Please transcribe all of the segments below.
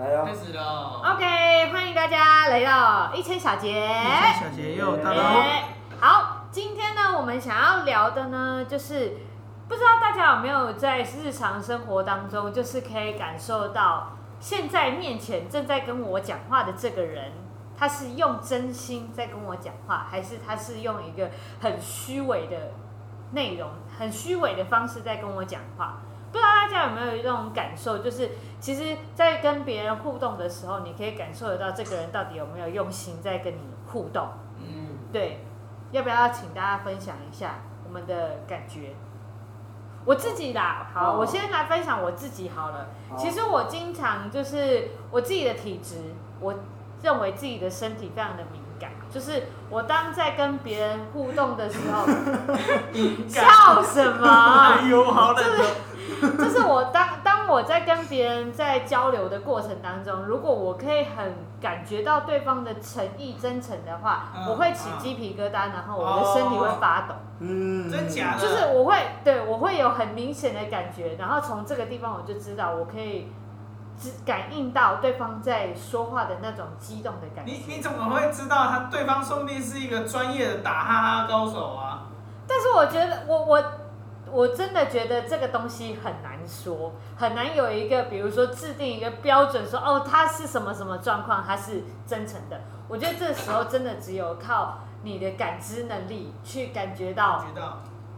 來囉，開始了。OK，歡迎大家來到一千小節。一千小節又到了。Okay. 好，今天呢，我們想要聊的呢，就是不知道大家有沒有在日常生活當中，就是可以感受到，現在面前正在跟我講話的這個人，他是用真心在跟我講話，還是他是用一個很虛偽的內容、很虛偽的方式在跟我講話？不知道大家有沒有一種感受，就是其實，在跟別人互動的時候，你可以感受得到這個人到底有沒有用心在跟你互動。嗯，對，要不要請大家分享一下我們的感覺？我自己啦。好，oh. 我先來分享我自己好了。Oh. 其實我經常就是我自己的體質，我認為自己的身體非常的敏感，就是我當在跟別人互動的時候，笑，笑什麼？ 哎呦，好 就是我當當我在跟別人在交流的過程當中，如果我可以很感覺到對方的誠意真誠的話，啊，我會起雞皮疙瘩，啊，然後我的身體會發抖。哦，嗯，嗯，真假的？就是我會對我會有很明顯的感覺，然後從這個地方我就知道我可以感感應到對方在說話的那種激動的感覺。你你怎麼會知道他對方說不定是一個專業的打哈哈高手啊？但是我覺得我我。我真的覺得這個東西很難說，很難有一個，比如說製定一個標準說，說哦，他是什麼什麼狀況，他是真誠的。我覺得這時候真的只有靠你的感知能力去感覺到。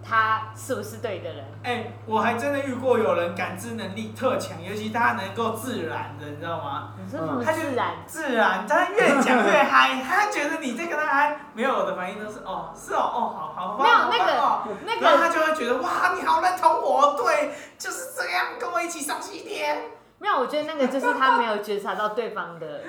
他是不是對的人？哎、欸，我還真的遇過有人感知能力特強，尤其他能夠自然的，你知道嗎？他、嗯、是自然？自然，他越講越嗨，他覺得你這個他嗨。 還沒有我的反應都是哦，是哦，哦，好好，沒有好那個、哦，那個，然後他就會覺得哇，你好認同我，對，就是這樣，跟我一起上西天。沒有，我覺得那個就是他沒有覺察到對方的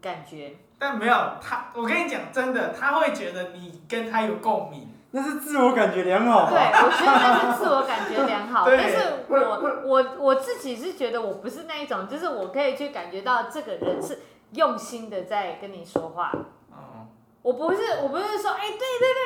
感覺。 但沒有他，我跟你講真的，他會覺得你跟他有共鳴。那是自我感覺良好。對，我覺得那是自我感覺良好。 但是我，我、我、我自己是覺得，我不是那一種，就是我可以去感覺到這個人是用心的在跟你說話。哦、嗯。我不是，我不是說，哎、欸，對對對。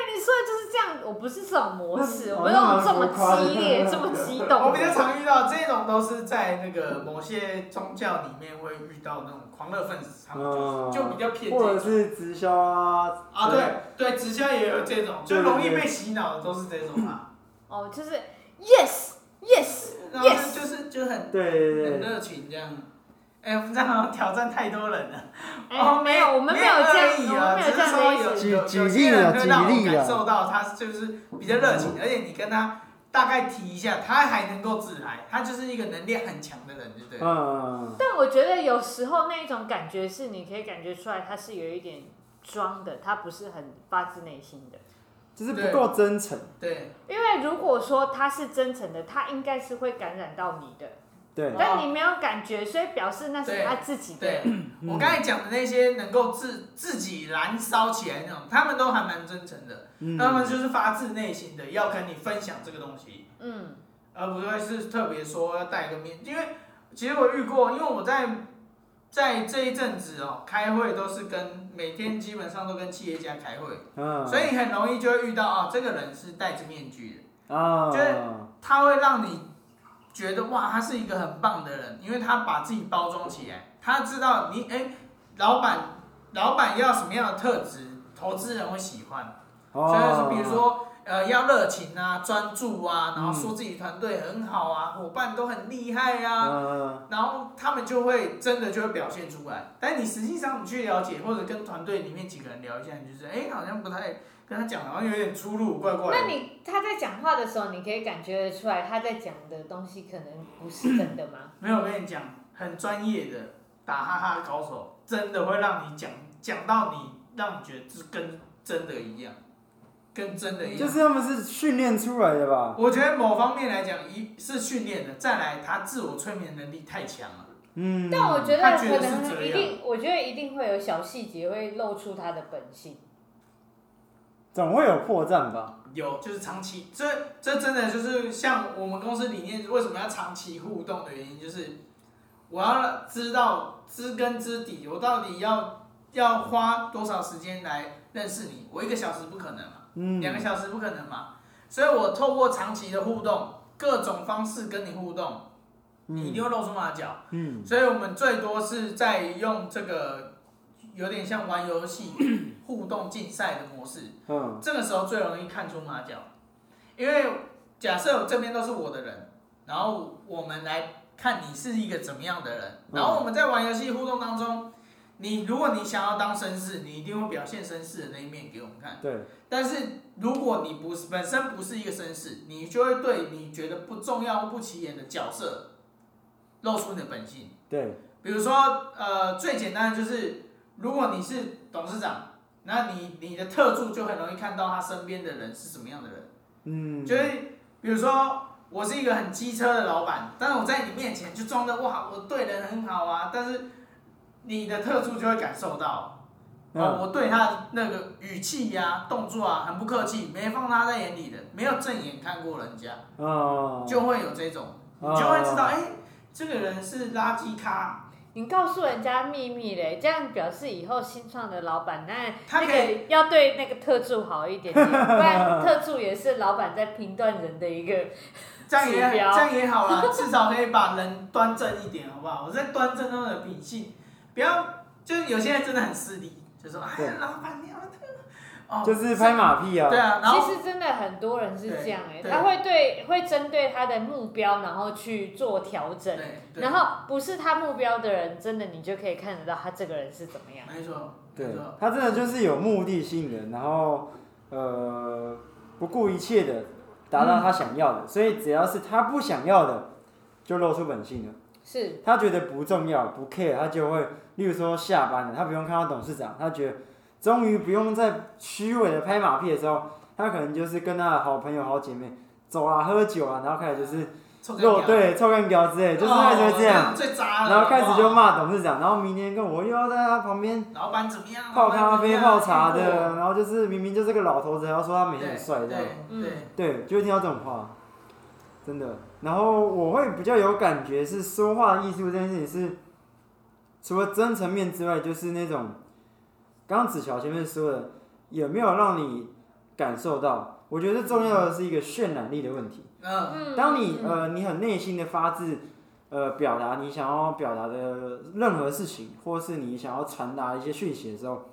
我不是這種模式，那我們這種這麼激烈、這麼，這麼激動。我比較常遇到這種，都是在那個某些宗教裡面會遇到那種狂熱分子、呃，他們就是、就比較偏激，就是直銷啊，對、對、對，直銷也有這種，就容易被洗腦的都是這種啊，哦，就是 yes yes yes，然後就就是就很對、對、對很熱情這樣。哎、欸，我們這樣挑戰太多人了。哦、欸 oh,，沒有，我們沒有這樣子，只是說有有有些人會讓我感受到他就是比較熱情、嗯，而且你跟他大概提一下，他還能夠自嗨，他就是一個能力很強的人，對不對？嗯。但我覺得有時候那一種感覺是，你可以感覺出來他是有一點裝的，他不是很發自內心的，就是不夠真誠。對。因為如果說他是真誠的，他應該是會感染到你的。對，但你沒有感覺，所以表示那是他自己的。對對。。 我剛才講的那些能夠自自己燃燒起來那種，他們都還蠻真誠的、嗯，他們就是發自內心的要跟你分享這個東西，嗯，而不是特別說要戴個面具。因為其實我遇過，因為我在在這一陣子哦、喔，開會都是跟每天基本上都跟企業家開會，嗯，所以很容易就會遇到哦，這個人是戴着面具的、嗯、就是他會讓你。覺得哇，他是一個很棒的人，因為他把自己包裝起來。他知道你哎，老板，老板要什麼樣的特質，投資人會喜歡。所以說，比如說呃，要熱情啊，專注啊，然後說自己團隊很好啊，夥伴都很厲害啊，然後他們就會真的就會表現出來。但你實際上你去了解，或者跟團隊裡面幾個人聊一下，你就覺得哎，好像不太。跟他講，好像有點出入，怪怪的。嗯、那你他在講話的時候，你可以感覺得出來，他在講的東西可能不是真的嗎？嗯、沒有，我跟你講，很專業的打哈哈的高手，真的會讓你講講到你，讓你覺得是跟真的一樣，跟真的一樣。就是他們是訓練出來的吧？我覺得某方面來講，一是訓練的，再來他自我催眠能力太強了。嗯。但我覺得，、嗯、他覺得可能一定，他覺得是這樣，他一定，我覺得一定會有小細節會露出他的本性。總會有破綻吧？有，就是長期，這這真的就是像我們公司理念，為什麼要長期互動的原因，就是我要知道知根知底，我到底要要花多少時間來認識你？我一個小時不可能嘛，嗯，兩個小時不可能嘛，所以我透過長期的互動，各種方式跟你互動，你一定會露出馬腳，嗯，所以我們最多是在用這個。有點像玩遊戲 互動競賽的模式，嗯，這個時候最容易看出馬腳，因為假設這邊都是我的人，然後我們來看你是一個怎麼樣的人，嗯，然後我們在玩遊戲互動當中，你如果你想要當紳士，你一定會表現紳士的那一面給我們看，對。但是如果你不是本身不是一個紳士，你就會對你覺得不重要或不起眼的角色露出你的本性，對。比如說，呃，最簡單的就是。如果你是董事長，那你你的特助就很容易看到他身邊的人是什麼樣的人。嗯，就是比如說我是一個很機車的老闆，但是我在你面前就裝的哇，我對人很好啊。但是你的特助就會感受到，哦、嗯啊，我對他那個語氣呀、啊、動作啊，很不客氣，沒放他在眼裡的，沒有正眼看過人家，哦，就會有這種，你就會知道，誒、哦，這個人是垃圾咖。你告訴人家秘密嘞，這樣表示以後新創的老闆那那個要對那個特助好一點點，不然特助也是老闆在評斷人的一個，這樣也這樣也好啦， 至少可以把人端正一點，好不好？我在端正他們的品性，不要就是有些人真的很勢利，就說哎呀，老闆娘。Oh, 就是拍馬屁、喔、啊！對啊，其實真的很多人是這樣哎、欸，他會對，對會針對他的目標，然後去做調整。對。對。然後不是他目標的人，真的你就可以看得到他這個人是怎麼樣。沒錯，沒錯。他真的就是有目的性的，然後呃不顧一切的達到他想要的、嗯。所以只要是他不想要的，就露出本性了。是。他覺得不重要，不 care，他就會，例如說下班了，他不用看到董事長，他覺得。終於不用再虛偽的拍馬屁的時候，他可能就是跟他的好朋友、好姐妹走啊、喝酒啊，然後開始就是，對，臭幹屌之類、哦，就是一直這樣。然後開始就罵董事長、哦，然後明天跟我又要在他旁邊。老闆怎麼樣？怎麼樣泡咖啡、泡茶的、嗯，然後就是明明就是個老頭子，還要說他每天很帥，這樣，對。對，就會聽到這種話，真的。然後我會比較有感覺，是說話的藝術這件事情是，除了真誠面之外，就是那種。剛剛子喬前面說的，有沒有讓你感受到？我覺得重要的是一個渲染力的問題。嗯，當你呃，你很內心的發自呃表達你想要表達的任何事情，或是你想要傳達一些訊息的時候，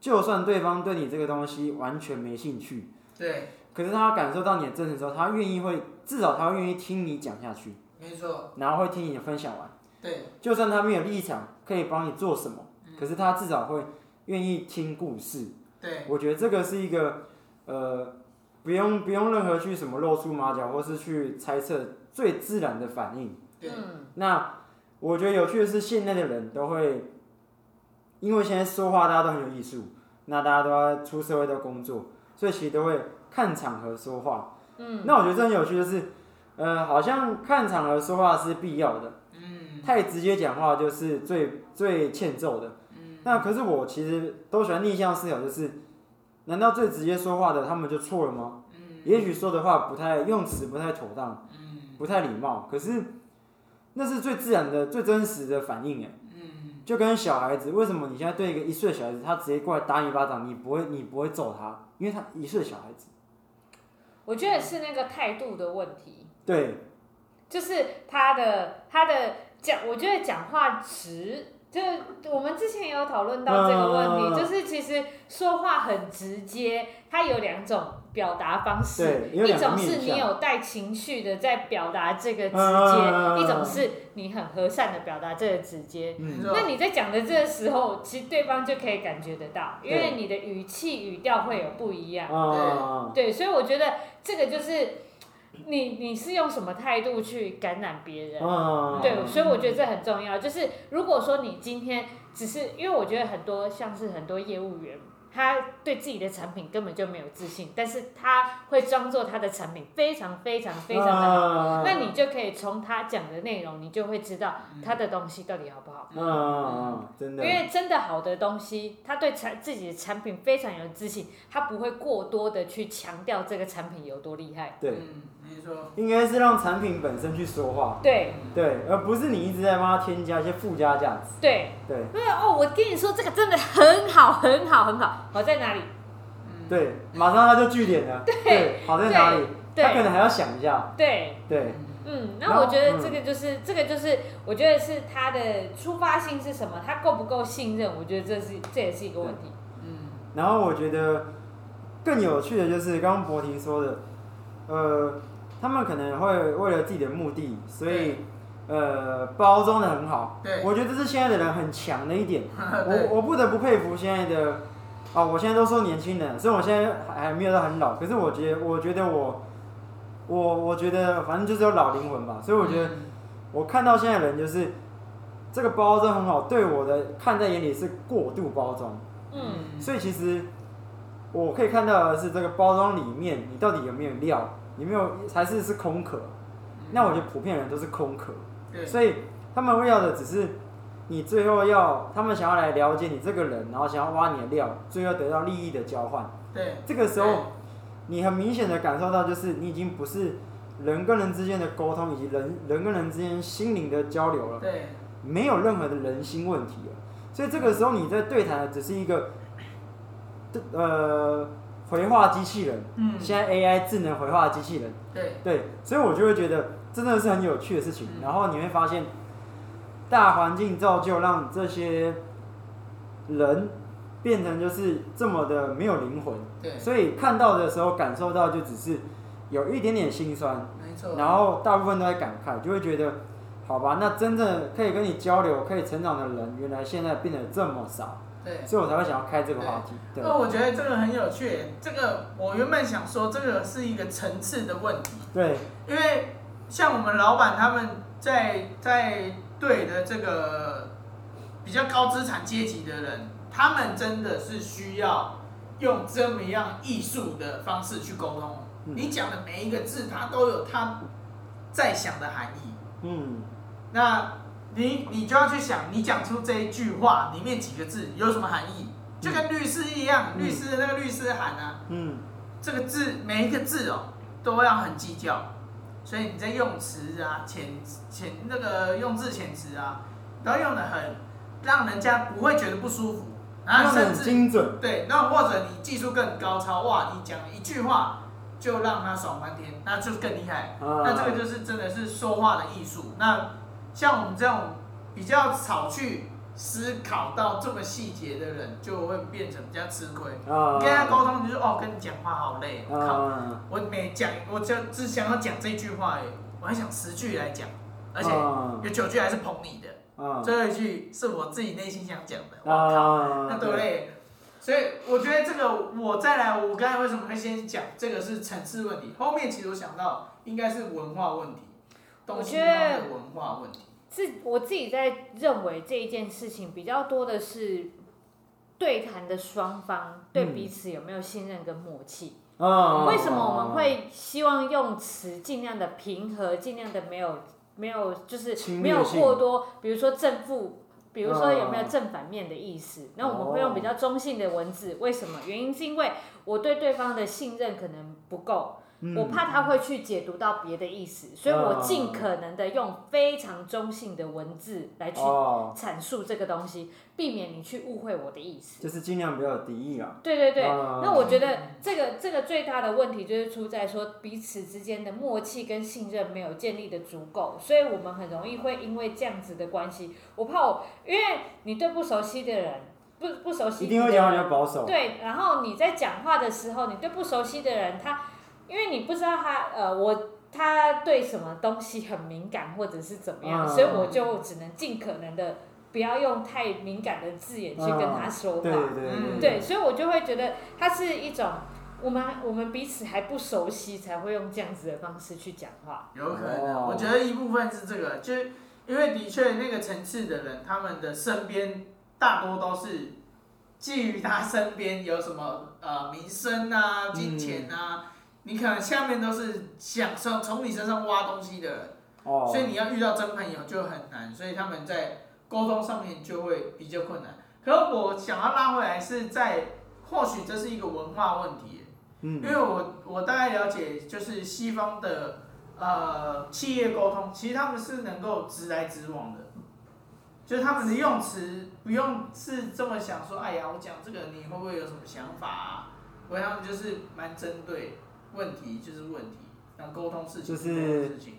就算對方對你這個東西完全沒興趣，對，可是他感受到你的真誠之後，他願意會至少他會願意聽你講下去。沒錯，然後會聽你的分享完。對，就算他沒有立場可以幫你做什麼。可是他至少會願意聽故事，對，我覺得這個是一個呃，不用不用任何去什麼露出馬腳，或是去猜測最自然的反應，對。那我覺得有趣的是，現在的人都會，因為現在說話大家都很有藝術，那大家都要出社會都工作，所以其實都會看場合說話，嗯。那我覺得這很有趣，就是呃，好像看場合說話是必要的，嗯。太直接講話就是最最欠揍的。那可是我其實都喜歡逆向思考，就是難道最直接說話的他們就錯了嗎？嗯，也許說的話不太用詞不太妥當，嗯，不太禮貌，可是那是最自然的、最真實的反應哎。嗯，就跟小孩子，為什麼你現在對一個一歲小孩子，他直接過來打你一巴掌，你不會你不會揍他，因為他一歲小孩子。我覺得是那個態度的問題。對，就是他的他的講，我覺得講話直。就我們之前也有討論到這個問題、啊，就是其實說話很直接，它有兩種表達方式對，一種是你有帶情緒的在表達這個直接、啊，一種是你很和善的表達這個直接。嗯、那你在講的這個時候，其實對方就可以感覺得到，因為你的語氣語調會有不一樣、啊嗯。對，所以我覺得這個就是。你你是用什麼態度去感染別人？Oh. 對，所以我覺得這很重要。就是如果說你今天只是因為，我覺得很多像是很多業務員。他對自己的產品根本就沒有自信，但是他會裝作他的產品非常非常非常的好，啊、那你就可以從他講的內容，你就會知道他的東西到底好不好。嗯嗯嗯、啊，真的，因為真的好的東西，他對產自己的產品非常有自信，他不會過多的去強調這個產品有多厲害。對，你應該是讓產品本身去說話。對、嗯、對，而不是你一直在幫他添加一些附加價值。對對。沒哦，我跟你說，這個真的很好，很好，很好。好在哪裡、嗯？對，馬上他就句點了。 對，好在哪裡？他可能還要想一下。對。對。嗯，嗯，那我覺得這個就是這個就是，我覺得是他的出發性是什麼？嗯、他夠不夠信任？我覺得這是這也是一個問題。嗯，然後我覺得更有趣的就是剛剛博婷說的，呃，他們可能會為了自己的目的，所以呃包裝得很好。對。我覺得這是現在的人很強的一點， 我我不得不佩服現在的。好，我現在都說年輕人，所以我現在還沒有到很老。可是我覺得，我覺得我，我我覺得，反正就是有老靈魂吧。所以我覺得，我看到現在人就是，這個包裝很好，對我的看在眼裡是過度包裝。嗯。所以其實我可以看到的是，這個包裝裡面你到底有沒有料？你沒有，還是是空殼？那我覺得普遍人都是空殼。嗯。所以他們為要的只是。你最後要他們想要來了解你這個人，然後想要挖你的料，最後得到利益的交換。對，這個時候你很明顯的感受到，就是你已經不是人跟人之間的溝通，以及人人跟人之間心靈的交流了。對，沒有任何的人心問題了。所以這個時候你在對談的只是一個呃回話機器人，嗯，現在 AI 智能回話機器人。對，對，所以我就會覺得真的是很有趣的事情。嗯，然後你會發現。大環境造就讓這些人變成就是這麼的沒有靈魂，對，所以看到的時候感受到就只是有一點點心酸，沒錯。然後大部分都在感慨，就會覺得，好吧，那真正可以跟你交流、可以成長的人，原來現在變得這麼少，對，所以我才會想要開這個話題。對，那我覺得這個很有趣，這個我原本想說這個是一個層次的問題，對，因為像我們老闆他們在在。對的，這個比較高資產階級的人，他們真的是需要用這麼樣藝術的方式去溝通，嗯。你講的每一個字，它都有它在想的含義。嗯，那你你就要去想，你講出這一句話裡面幾個字有什麼含義？就跟律師一樣，嗯、律師的那個律師函啊，嗯、這個字每一個字哦都要很計較。所以你在用詞啊，遣遣那個用字遣詞啊，都要用得很，讓人家不會覺得不舒服。然後甚至用得精準，對，那或者你技術更高超，哇，你講一句話就讓他爽翻天，那就更厲害。嗯。那這個就是真的是說話的藝術。那像我們這種比較少去。思考到這麼細節的人，就會變成比較吃虧。Uh, 跟他溝通，你就說哦，跟你講話好累，我、uh, 靠，我每講，我只，只想要講這句話，哎，我還想十句來講，而且有九句還是捧你的，uh, 最後一句是我自己內心想講的，我靠，那多累。Uh, 所以我覺得這個，我再來，我剛才為什麼會先講這個是層次問題，後面其實我想到應該是文化問題，東西方的文化問題。我自己在認為這一件事情比較多的是，對談的雙方對彼此有沒有信任跟默契。嗯，為什麼我們會希望用詞盡量的平和，盡量的沒有沒有就是沒有過多，比如說正負，比如說有沒有正反面的意思，嗯、那我們會用比較中性的文字，為什麼？原因是因為我對對方的信任可能不夠。我怕他會去解讀到別的意思，所以我盡可能的用非常中性的文字來去闡述這個東西，避免你去誤會我的意思。就是盡量不要敵意啊。對對對。嗯。那我覺得這個這個最大的問題就是出在說彼此之間的默契跟信任沒有建立得足夠，所以我們很容易會因為這樣子的關係，我怕我因為你對不熟悉的人，不不熟悉的人，一定會講話比較保守。對，然後你在講話的時候，你對不熟悉的人他。因為你不知道他呃，我他對什麼東西很敏感，或者是怎麼樣，嗯、所以我就只能盡可能的不要用太敏感的字眼去跟他說話。嗯、對對，對、嗯、對，所以我就會覺得他是一種我們我們彼此還不熟悉才會用這樣子的方式去講話。有可能，我覺得一部分是這個，就因為的確那個層次的人，他們的身邊大多都是覬覦他身邊有什麼呃名聲啊、金錢啊。嗯你可能下面都是想上，從你身上挖東西的，所以你要遇到真朋友就很難，所以他們在溝通上面就會比較困難。可我想要拉回來是在或許這是一個文化問題，嗯，因為我我大概了解就是西方的呃企業溝通，其實他們是能夠直來直往的，就是他們的用詞不用是這麼想說，哎呀，我講這個你會不會有什麼想法啊？我想就是蠻針對。問題就是問題，要溝通事情就是事情，就是，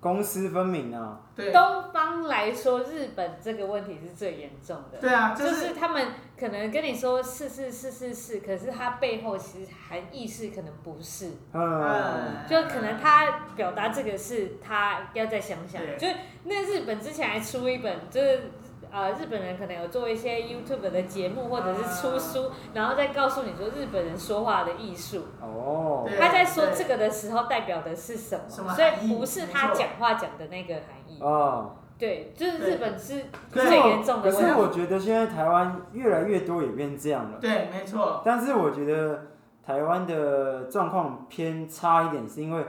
公私分明啊。對，東方來說，日本這個問題是最嚴重的。對啊，就是、就是、他們可能跟你說是是是是是，可是他背後其實含意，是可能不是。嗯，就可能他表達這個事他要再想想，就是那日本之前還出一本就是，啊、呃，日本人可能有做一些 YouTube 的節目，或者是出書，啊、然後再告訴你說日本人說話的藝術。哦，他在說這個的時候代表的是什麼？所以不是他講話講的那個含義。哦，對，就是日本是最嚴重的。可是我覺得現在台灣越來越多也變這樣了。對，沒錯。但是我覺得台灣的狀況偏差一點，是因為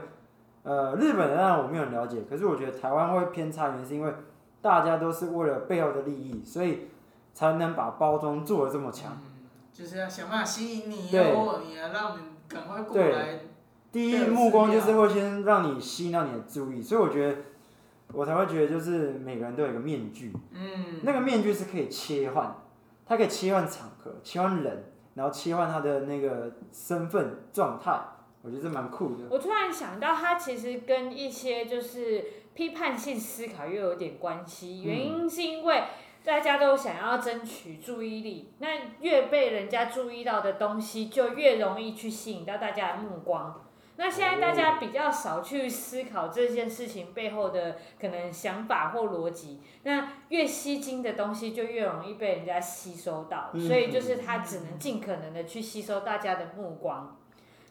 呃，日本人，我沒有了解。可是我覺得台灣會偏差一點，是因為。大家都是為了背後的利益，所以才能把包裝做得這麼強，嗯，就是要想辦法吸引你呀、啊，或要、啊、讓你趕快過來。第一目光就是會先讓你吸引到你的注意，嗯，所以我覺得我才會覺得就是每個人都有一個面具，嗯，那個面具是可以切換，它可以切換場合、切換人，然後切換他的那個身份狀態，我覺得這蠻酷的。我突然想到，他其實跟一些就是。批判性思考又有點關係，原因是因為大家都想要爭取注意力，那越被人家注意到的東西，就越容易去吸引到大家的目光。那現在大家比較少去思考這件事情背後的可能想法或邏輯，那越吸睛的東西就越容易被人家吸收到，所以就是他只能盡可能的去吸收大家的目光。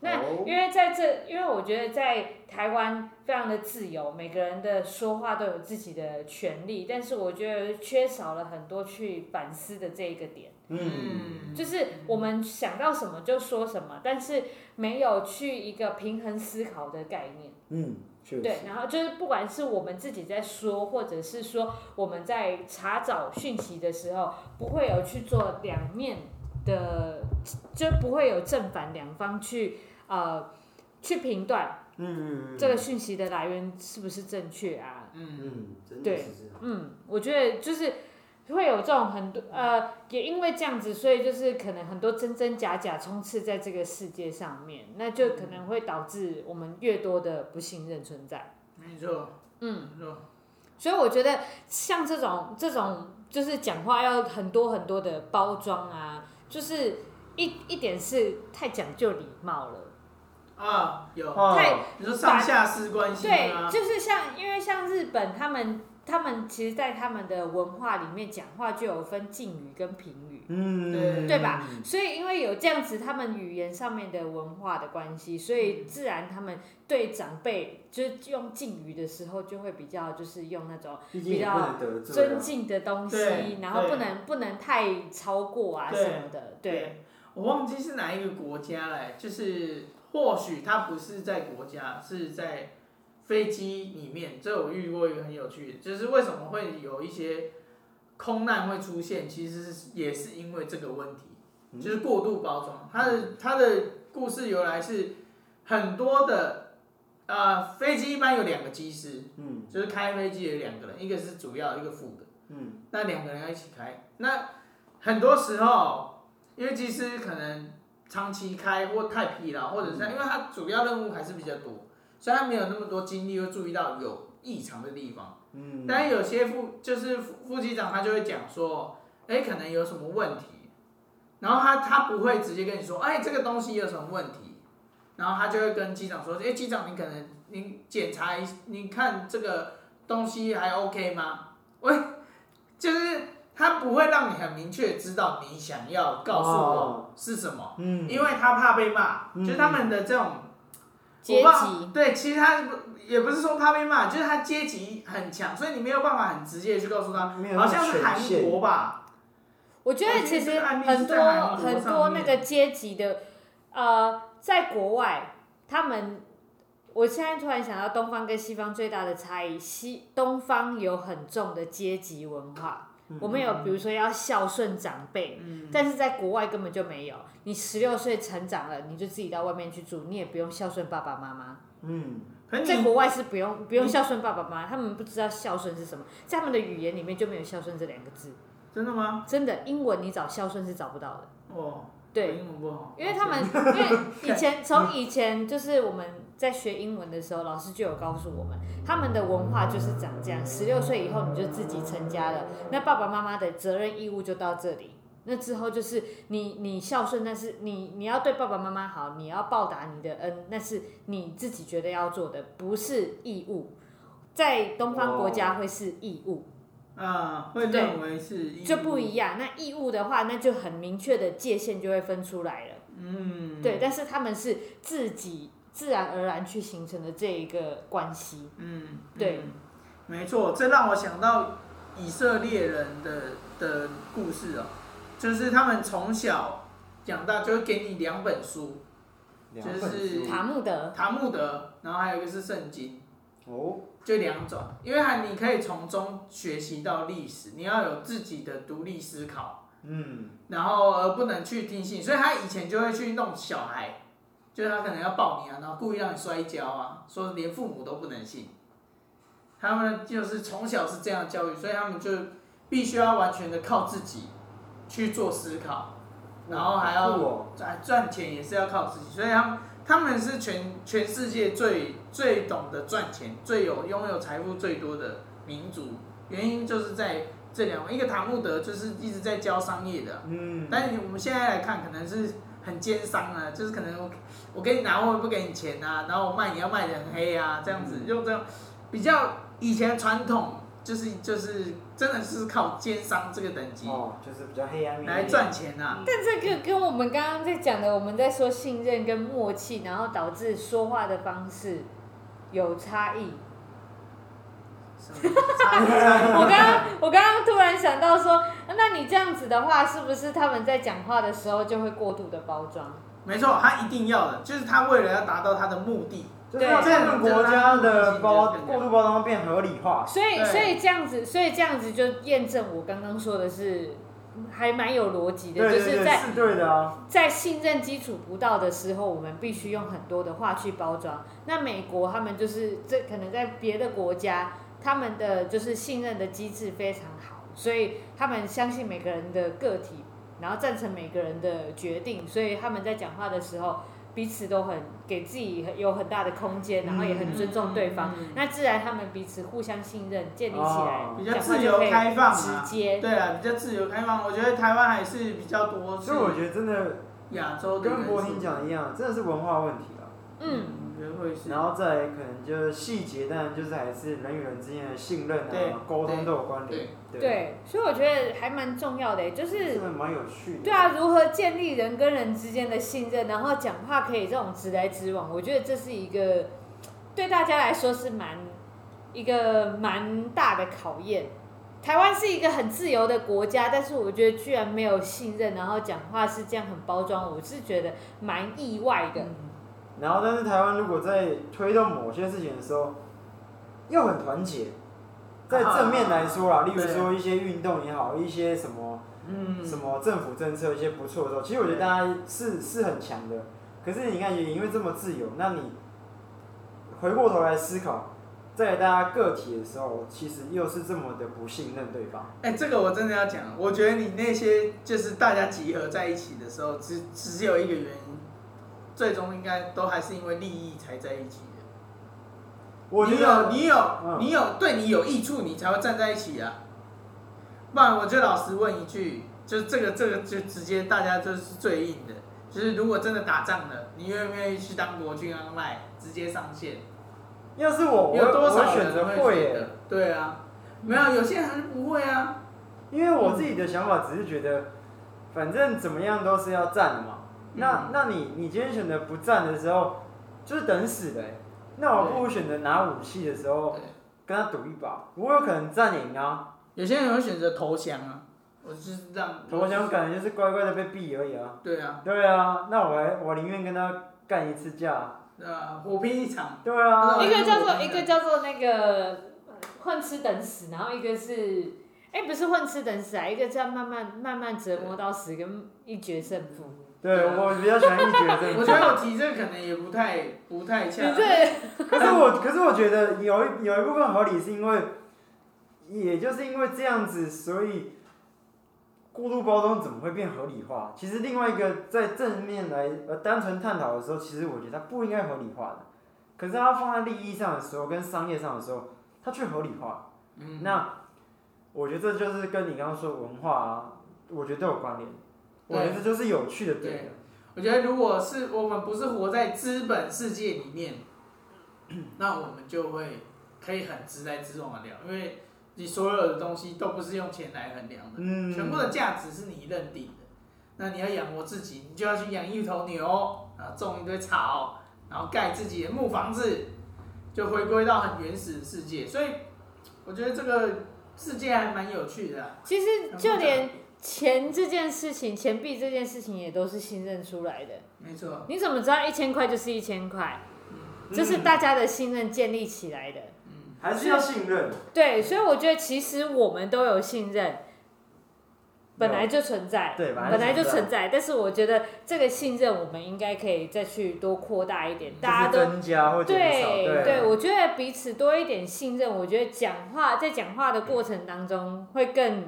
那因為在這，因為我覺得在。台灣非常的自由，每個人的說話都有自己的權利，但是我覺得缺少了很多去反思的這一個點。嗯，嗯就是我們想到什麼就說什麼，但是沒有去一個平衡思考的概念。嗯，對。然後就是不管是我們自己在說，或者是說我們在查找訊息的時候，不會有去做兩面的，就不會有正反兩方去呃去評斷。嗯，這個訊息的來源是不是正確啊？嗯嗯，對，嗯，我覺得就是會有這種很多，呃，也因為這樣子，所以就是可能很多真真假假充斥在這個世界上面，那就可能會導致我們越多的不信任存在，嗯沒。沒錯，嗯，沒錯。所以我覺得像這種這種就是講話要很多很多的包裝啊，就是一一點是太講究禮貌了。有太，比如說上下司關係，對，就是像因為像日本他們他們其實，在他們的文化裡面講話就有分敬語跟平語，嗯，對吧？所以因為有這樣子，他們語言上面的文化的關係，所以自然他們對長輩就是用敬語的時候，就會比較就是用那種比較尊敬的東西，然後不能不能太超過啊什麼的，對。對我忘記是哪一個國家嘞，就是。或許它不是在國家，是在飛機裡面。這我遇過一個很有趣的，就是為什麼會有一些空難會出現，其實是也是因為這個問題，就是過度包裝。它、嗯、的它的故事由來是很多的啊、呃，飛機一般有兩個機師、嗯，就是開飛機有兩個人，一個是主要，一個副的，嗯、那兩個人要一起開。那很多時候，因為機師可能。長期開或太疲勞，或者是因為他主要任務還是比較多，所以他沒有那麼多精力會注意到有異常的地方。嗯，但有些副就是副機長他就會講說，哎，可能有什麼問題，然後他他不會直接跟你說，哎，這個東西有什麼問題，然後他就會跟機長說，哎，機長你可能你檢查一下，你看這個東西還 OK 嗎？喂，就是。他不會讓你很明確知道，你想要告訴我是什麼？哦，嗯，因為他怕被罵，嗯，就是他們的這種階級，對，其實他也不是說怕被罵，就是他階級很強，所以你沒有辦法很直接的去告訴他。好像是韓國吧？我覺得其實很多很多那個階級的，呃，在國外，他們，我現在突然想到東方跟西方最大的差異，西，東方有很重的階級文化。我們有，比如說要孝順長輩，嗯，但是在國外根本就沒有。你十六歲成長了，你就自己到外面去住，你也不用孝順爸爸媽媽。嗯，在國外是不用不用孝順爸爸媽媽，他們不知道孝順是什麼，在他們的語言裡面就沒有孝順這兩個字。真的嗎？真的，英文你找孝順是找不到的。哦，對，英文不好，因為他們 因為以前從以前就是我們。在學英文的時候，老師就有告訴我們，他們的文化就是長這樣。十六歲以後你就自己成家了，那爸爸媽媽的責任義務就到這裡。那之後就是你，你孝順那，但是你你要對爸爸媽媽好，你要報答你的恩，那是你自己覺得要做的，不是義務。在東方國家會是義務，哦、啊，會認為是義務就不一樣。那義務的話，那就很明確的界限就會分出來了。嗯，對，但是他們是自己。自然而然去形成的這一個關係，嗯，對，嗯嗯，沒錯，這讓我想到以色列人的的故事哦，就是他們從小長大就會給你兩本書，本書就是塔木德，塔木德，然後還有一個是聖經，哦，就兩種，因為還你可以從中學習到歷史，你要有自己的獨立思考，嗯，然後而不能去聽信，所以他以前就會去弄小孩，就他可能要抱你啊，然後故意讓你摔跤啊，說連父母都不能信，他們就是從小是這樣教育，所以他們就必須要完全的靠自己去做思考，然後還要賺賺錢也是要靠自己，所以他們他們是全全世界最最懂得賺錢、最有擁有財富最多的民族，原因就是在這兩，一個塔木德就是一直在教商業的，嗯，但是我們現在來看，可能是。很奸商啊，就是可能我給你拿貨不給你錢啊，然後我賣你要賣得很黑啊，這樣子，嗯、用這樣，比較以前的傳統，就是就是真的是靠奸商這個等級，哦就是比較黑啊，來賺錢啊。嗯、但這個跟，跟我們剛剛在講的，我們在說信任跟默契，然後導致說話的方式有差異。 我剛剛我剛剛突然想到說，那你這樣子的話，是不是他們在講話的時候就會過度的包裝？沒錯，他一定要的，就是他為了要達到他的目的，對，在、就是、他們他國家的包過度包裝會變合理化。所以所以這樣子，所以這樣子就驗證我剛剛說的是還的，還蠻有邏輯的，就是在是對的、啊、在信任基礎不到的時候，我們必須用很多的話去包裝。那美國他們就是這可能在別的國家。他們的就是信任的機制非常好，所以他們相信每個人的個體，然後贊成每個人的決定，所以他們在講話的時候彼此都很給自己有很大的空間，然後也很尊重對方。嗯、那自然他們彼此互相信任，建立起來比較、哦、自由開放嘛、啊。對啊，比較自由開放。我覺得台灣還是比較多。所以我覺得真的，亞洲的跟柏林講一樣，真的是文化問題了、啊、嗯。然後再可能就是細節，但就是還是人與人之間的信任啊，對溝通都有關聯對。對，所以我覺得還蠻重要的，就是蠻有趣的，對啊，如何建立人跟人之間的信任，然後講話可以這種直來直往，我覺得這是一個對大家來說是蠻一個蠻大的考驗。台灣是一個很自由的國家，但是我覺得居然沒有信任，然後講話是這樣很包裝，我是覺得蠻意外的。嗯然後，但是台灣如果在推動某些事情的時候，又很團結，在正面來說啊，例如說一些運動也好，一些什麼，嗯，什麼政府政策一些不錯的時候，其實我覺得大家是是很強的。可是你看，也因為這麼自由，那你回過頭來思考，在大家個體的時候，其實又是這麼的不信任對方。哎，這個我真的要講，我覺得你那些就是大家集合在一起的時候只，只只有一個原因。最終應該都還是因為利益才在一起的。我你有你有、嗯、你有對你有益處，你才會站在一起啊。不然我就老實問一句，就是這個這個就直接大家就是最硬的，就是如果真的打仗了，你願不願意去當國軍 online？直接上線。要是我，我有多少人會的？對啊，沒有有些人還是不會啊、嗯。因為我自己的想法只是覺得，反正怎麼樣都是要站的嘛。那那你你今天選擇不戰的時候，就是等死的、欸。那我不如選擇拿武器的時候跟他賭一把，我有可能戰贏啊。有些人會選擇投降啊，我就是這樣。投降感覺就是乖乖的被斃而已啊。對啊。對啊，那我還我寧願跟他幹一次架。對啊，火拼一場。對啊。嗯、一個叫做一個叫做那個混吃等死，然後一個是哎、欸、不是混吃等死啊，一個叫慢慢慢慢折磨到死，跟一決勝負。對，對啊、我比較喜歡一決勝負。我覺得，覺得 我有提證可能也不太不太恰當、啊。可是我可是我覺得有一有一部分合理，是因為，也就是因為這樣子，所以過度包裝怎麼會變合理化？其實另外一個在正面來呃單純探討的時候，其實我覺得它不應該合理化的。可是它放在利益上的時候，跟商業上的時候，它卻合理化。嗯那。那我覺得這就是跟你剛剛說的文化、啊，我覺得都有關聯。對，這就是有趣的對。對，我覺得如果是我們不是活在資本世界裡面， 那我們就會可以很直來直往的聊，因為你所有的東西都不是用錢來衡量的，嗯，全部的價值是你認定的。那你要養活自己，你就要去養一頭牛啊，然後種一堆草，然後蓋自己的木房子，就回歸到很原始的世界。所以我覺得這個世界還蠻有趣的。其實就連。錢這件事情，錢幣這件事情也都是信任出來的。沒錯。你怎麼知道一千塊就是一千塊？嗯。這是大家的信任建立起來的。嗯，還是要信任。對，所以我覺得其實我們都有信任，本來就存在，對，本來就存在。但是我覺得這個信任我們應該可以再去多擴大一點，大家都增加、就是、或對對,對，我覺得彼此多一點信任，我覺得講話在講話的過程當中會更。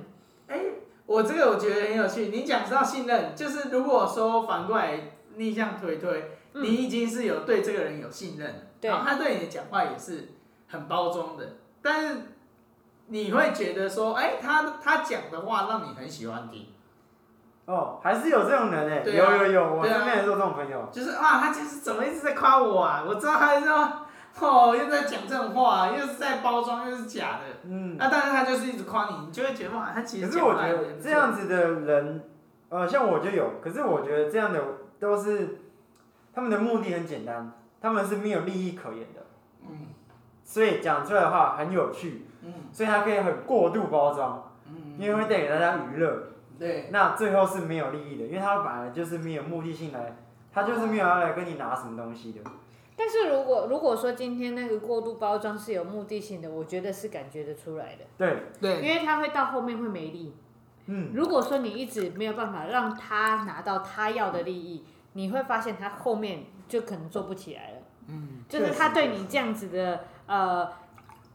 欸我這個我覺得很有趣，嗯、你講到信任，就是如果說反過來逆向推推，嗯、你已經是有對這個人有信任，對，然後他對你的講話也是很包裝的，但是你會覺得說，哎、嗯欸，他他講的話讓你很喜歡聽，哦，還是有這種人誒、啊，有有有，我身邊也有做這種朋友、啊，就是啊，他就是怎麼一直在誇我啊，我知道他就說哦，又在講這種話，又是在包裝，又是假的。嗯。那當然，他就是一直誇你，你就會覺得，哇，他其實的可是我覺得這樣子的人，呃，像我就有。可是我覺得這樣的都是他們的目的很簡單，他們是沒有利益可言的。嗯。所以講出來的話很有趣。嗯。所以他可以很過度包裝。嗯。因為會帶給大家娛樂。對，嗯嗯。那最後是沒有利益的，因為他本來就是沒有目的性來，他就是沒有要來跟你拿什麼東西的。但是如果如果說今天那個過度包裝是有目的性的，我覺得是感覺得出來的。對對，因為他會到後面會沒力。嗯，如果說你一直沒有辦法讓他拿到他要的利益，你會發現他後面就可能做不起來了。嗯，就是他對你這樣子的，嗯，呃，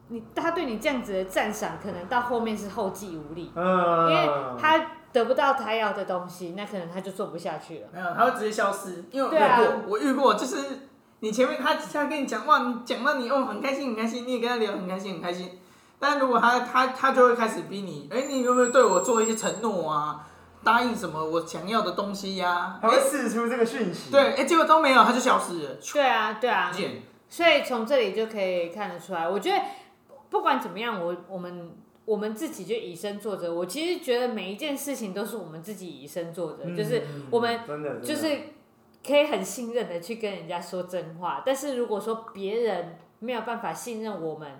你他對你這樣子的讚賞，可能到後面是後繼無力。嗯，因為他得不到他要的東西，那可能他就做不下去了。沒有，他會直接消失。因為對啊，我遇過就是。你前面他他跟你講話，你講到你哦很開心很開心，你也跟他聊很開心很開心。但如果他他他就會開始逼你，哎、欸，你有沒有對我做一些承諾啊？答應什麼我想要的東西呀，啊？他會試出這個訊息、欸。對，哎、欸，結果都沒有，他就消失了。對啊，對啊。所以從這裡就可以看得出來，我覺得不管怎麼樣，我我們我們自己就以身作則。我其實覺得每一件事情都是我們自己以身作則，嗯，就是我們真的，真的就是。可以很信任的去跟人家說真話，但是如果說別人沒有辦法信任我們，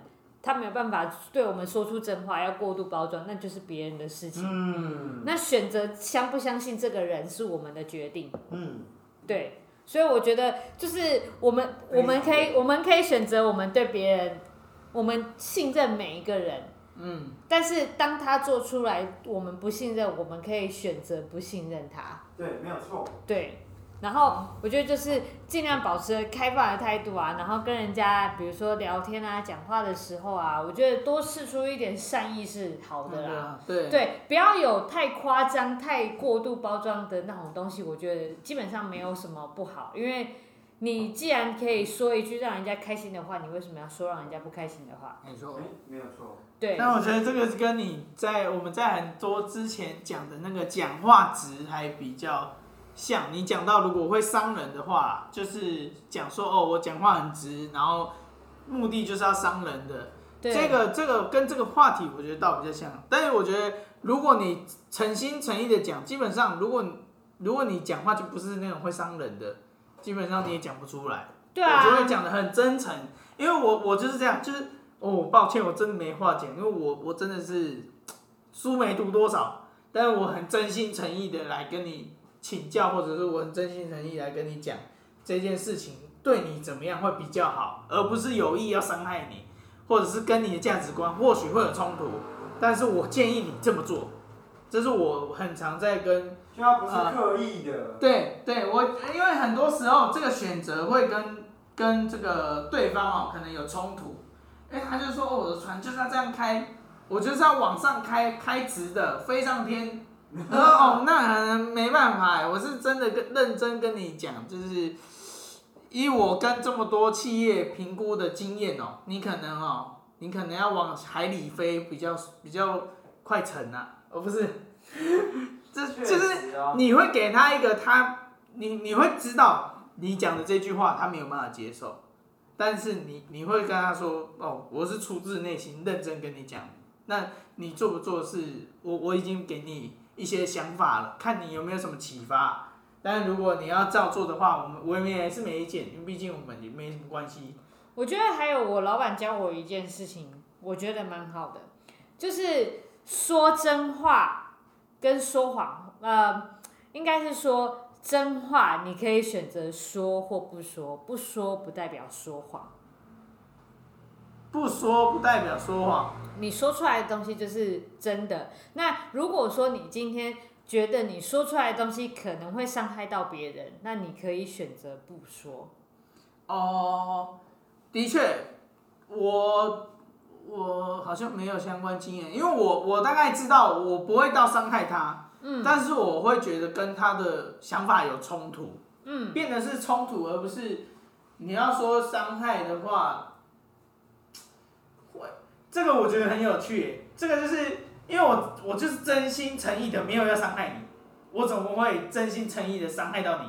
他沒有辦法對我們說出真話，要過度包裝，那就是別人的事情。嗯，嗯，那選擇相不相信這個人是我們的決定。嗯，對，所以我覺得就是我們、嗯、我們可以我們可以選擇我們對別人，我們信任每一個人。嗯，但是當他做出來我們不信任，我們可以選擇不信任他。對，沒有錯。對。然後我覺得就是盡量保持開放的態度啊，然後跟人家比如說聊天啊、講話的時候啊，我覺得多釋出一點善意是好的啦、嗯對啊對。對，不要有太誇張、太過度包裝的那種東西，我覺得基本上沒有什麼不好。因為你既然可以說一句讓人家開心的話，你為什麼要說讓人家不開心的話？沒錯，哎，沒有錯。對，但我覺得這個是跟你在我們在很多之前講的那個講話值還比較。像你講到如果會傷人的話，就是講說，哦，我講話很直，然後目的就是要傷人的。這個這個跟這個話題我覺得倒比較像，但是我覺得如果你誠心誠意的講，基本上如果如果你講話就不是那種會傷人的，基本上你也講不出來。嗯，對啊，我就會講得很真誠，因為我我就是這樣，就是哦，抱歉，我真的沒話講，因為我我真的是書沒讀多少，但是我很真心誠意的來跟你。請教，或者是我很真心誠意來跟你講這件事情對你怎麼樣會比較好，而不是有意要傷害你，或者是跟你的價值觀或許會有衝突，但是我建議你這麼做，這是我很常在跟，就他不是刻意的，對，對我，因為很多時候這個選擇會跟跟這個對方哦可能有衝突，誒，他就說我的船就是要這樣開，我就是要往上開，開直的，飛上天。 哦，那沒辦法，我是真的跟認真跟你講，就是以我跟這麼多企業評估的經驗哦，你可能哦，你可能要往海裡飛比較比較快沉啊。哦不是，呵呵這就是你會給他一個他，你你會知道你講的這句話他沒有辦法接受，但是你你會跟他說哦，我是出自內心認真跟你講，那你做不做是我我已經給你一些想法了，看你有沒有什麼啟發。但如果你要照做的話，我們我也還是沒意見，因為畢竟我們也沒什麼關係。我覺得還有我老板教我一件事情，我覺得蠻好的，就是說真話跟說謊，呃，應該是說真話，你可以選擇說或不說，不說不代表說謊。不說不代表說謊。你說出來的東西就是真的。那如果說你今天覺得你說出來的東西可能會傷害到別人，那你可以選擇不說。哦，的確，我我好像沒有相關經驗，因為我我大概知道我不會到傷害他，嗯，但是我會覺得跟他的想法有衝突，嗯，變得是衝突，而不是你要說傷害的話。這個我覺得很有趣，這個就是因為我我就是真心誠意的，沒有要傷害你，我怎麼會真心誠意的傷害到你？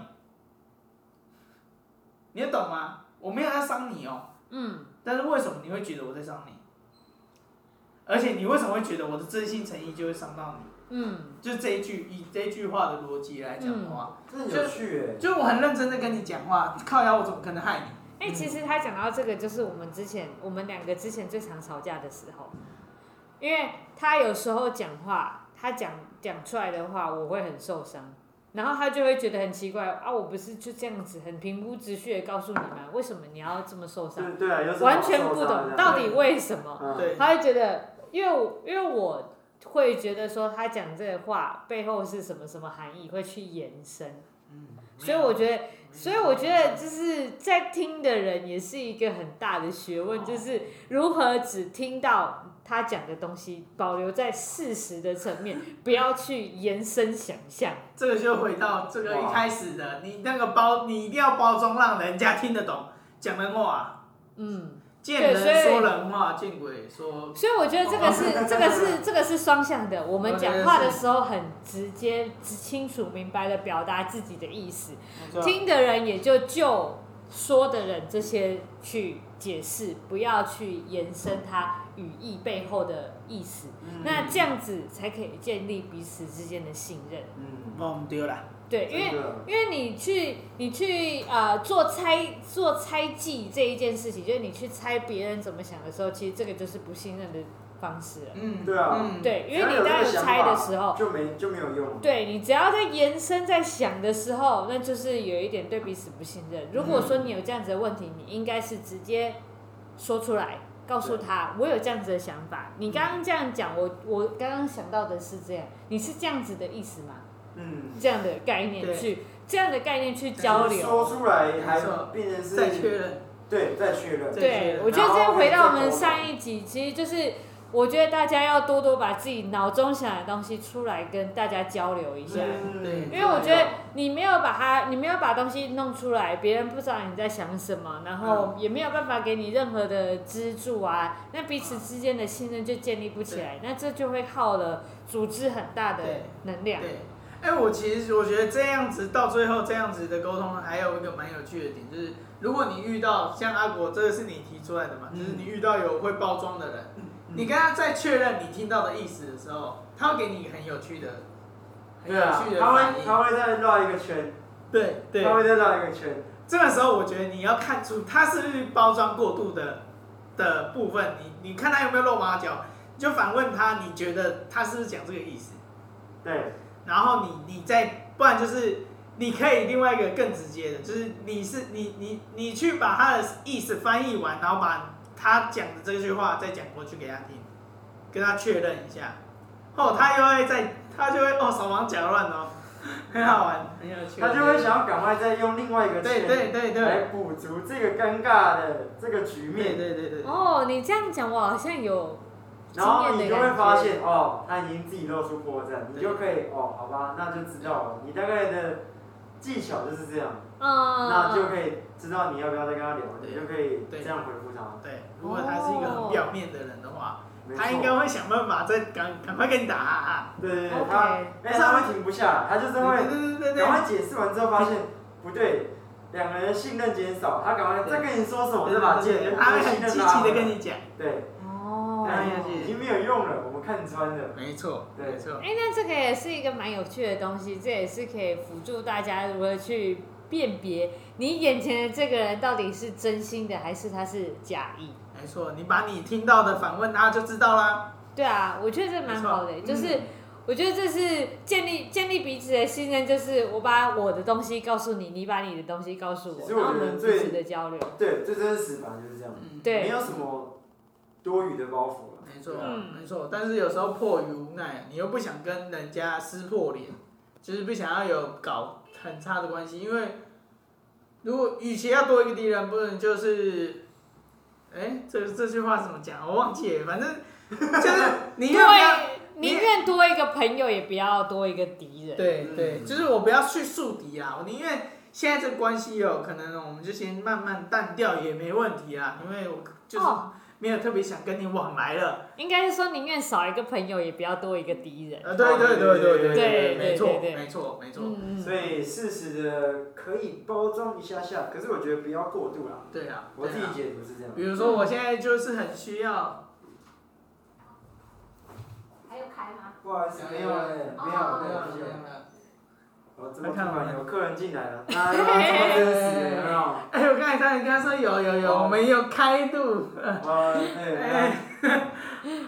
你懂嗎？我沒有要傷你哦。嗯。但是為什麼你會覺得我在傷你？而且你為什麼會覺得我的真心誠意就會傷到你？嗯。就這一句以這一句話的邏輯來講的話，嗯、就是，有趣就我很認真的跟你講話，你靠腰，我怎麼可能害你？誒、欸，其實他講到這個，就是我們之前我們兩個之前最常吵架的時候，因為他有時候講話，他講講出來的話，我會很受傷，然後他就會覺得很奇怪啊，我不是就這樣子很平鋪直敘的告訴你們，為什麼你要這麼受傷，嗯？對啊，有什麼，完全不懂到底為什麼，嗯、他會覺得，因為我因為我會覺得說他講這個話背後是什麼什麼含義，會去延伸。所以我覺得，所以我覺得就是在聽的人也是一個很大的學問，就是如何只聽到他講的東西，保留在事實的層面，不要去延伸想象。 這個就回到這個一開始的，你那個包，你一定要包裝，讓人家聽得懂講的話。嗯。見人說人話，對，所以，見鬼也說。所以我覺得這個是、oh, okay, okay, okay, okay, okay, okay. 這個是這個是雙向的。我們講話的時候很直接，okay, okay, okay. 直接直清楚、明白的表達自己的意思，聽的人也就就說的人這些去解釋，不要去延伸他語義背後的意思，嗯。那這樣子才可以建立彼此之間的信任。嗯，我唔丟啦。對，因為因為你去你去啊、呃、做猜做猜忌這一件事情，就是你去猜別人怎麼想的時候，其實這個就是不信任的方式了。嗯，對啊，嗯，對，因為你當你猜的時候就沒就沒有用。對，你只要在延伸在想的時候，那就是有一點對彼此不信任。如果說你有這樣子的問題，你應該是直接說出來告訴他，我有這樣子的想法。你剛剛這樣講，我我剛剛想到的是這樣，你是這樣子的意思嗎？嗯、這樣的概念去，這樣的概念去交流。就是、說出來還變成是再確認，對再確認。對，我覺得這回到我們上一集，其實就是我覺得大家要多多把自己腦中想的東西出來跟大家交流一下。對,對,對，因為我覺得你沒有把它，你沒有把東西弄出來，別人不知道你在想什麼，然後也沒有辦法給你任何的資助啊，那彼此之間的信任就建立不起來，那這就會耗了組織很大的能量。對。對哎、欸，我其實我覺得這樣子到最後這樣子的溝通，還有一個蠻有趣的點，就是如果你遇到像阿國這個是你提出來的嘛、嗯，就是你遇到有會包裝的人、嗯，你跟他再確認你聽到的意思的時候，他會給你很有趣的，有趣的反應。對啊，他會，他會再繞一個圈。對對。他會再繞一個圈。這個時候我覺得你要看出他是不是包裝過度的的部分，你你看他有沒有露馬腳，你就反問他，你覺得他是不是講這個意思？對。然後你你再，不然就是你可以另外一個更直接的，就是你是你你你去把他的意思翻譯完，然後把他，他講的這句話再講過去給他聽，跟他確認一下，哦，他又會再，他就會哦手忙腳亂哦，很好玩，很有趣，他就會想要趕快再用另外一個對對、對、對、對來補足這個尷尬的這個局面對對對對。哦，你這樣講我好像有。然後你就會發現，哦，他已經自己露出破綻，你就可以，哦，好吧，那就知道了，你大概的技巧就是這樣，嗯，那就可以知道你要不要再跟他聊，你就可以這樣回復他。對，對，哦，如果他是一個很表面的人的話，哦，他應該會想辦法再趕趕快跟你打。對對對，他，okay，哎，他會停不下，他就是會，嗯，對對對對趕快解釋完之後發現，嗯，不對，兩個人的信任減少，他趕快再跟你說什麼，這把劍，他會很積極的跟你講，對。對已經沒有用了，我們看穿了。沒錯，對，沒錯。哎，那這個也是一個蠻有趣的東西，這也是可以輔助大家如何去辨別你眼前的這個人到底是真心的，還是他是假意、嗯。沒錯，你把你聽到的反問，大、啊、家就知道啦。對啊，我覺得這蠻好的，就是我覺得這是建立建立彼此的信任，就是我把我的東西告訴你，你把你的東西告訴我，然後我們真實的交流，對，最真實反正就是這樣、嗯，對，沒有什麼。多餘的包袱、啊沒，嗯、沒錯，沒錯。但是有時候迫於無奈，你又不想跟人家撕破臉，就是不想要有搞很差的關係，因為如果與其要多一個敵人，不能就是，哎、欸，這這句話怎麼講？我忘記了，反正就是寧願寧願多一個朋友，也不要多一個敵人。對對，就是我不要去樹敵啊，我寧願現在這關係有、喔、可能我們就先慢慢淡掉也沒問題啊，因為我就是。哦沒有特別想跟你往來了，應該是說寧願少一個朋友，也不要多一個敵人。呃、啊，對對對對對對，沒錯沒錯沒錯、嗯。所以，適時的可以包裝一下下，可是我覺得不要過度啦。對啊，我自己解讀是這樣、啊。比如說，我現在就是很需要。還有開嗎？不好意思，沒有了、哦，沒有沒有了。我看看有客人進來了，哎、啊啊 欸欸，我剛才他跟他說有有有，沒有、嗯、有開度，哎、嗯。 嗯欸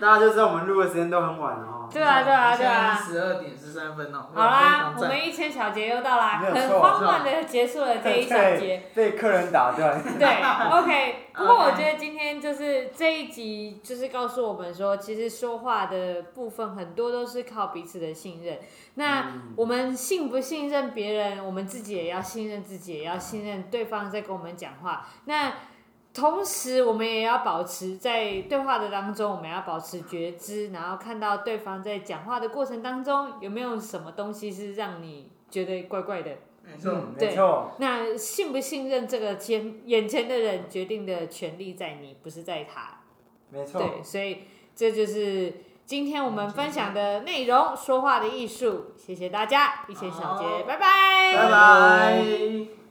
大家就知道我們錄的時間都很晚哦。對啊對啊、嗯、對啊！十二，啊、點十三分哦、啊啊。好啦，我們一千小節又到啦，很慌亂的結束了這一小節。被客人打斷。對, 對，OK。不過我覺得今天就是，okay. 這一集，就是告訴我們說，其實說話的部分很多都是靠彼此的信任。那我們信不信任別人，我們自己也要信任自己，也要信任對方在跟我們講話。那。同時，我們也要保持在對話的當中，我們要保持覺知，然後看到對方在講話的過程當中有沒有什麼東西是讓你覺得怪怪的。沒錯、嗯，沒錯。那信不信任這個前眼前的人，決定的權利在你，不是在他。沒錯。對，所以這就是今天我們分享的內容——說話的藝術。謝謝大家，1000小節，拜拜，拜拜。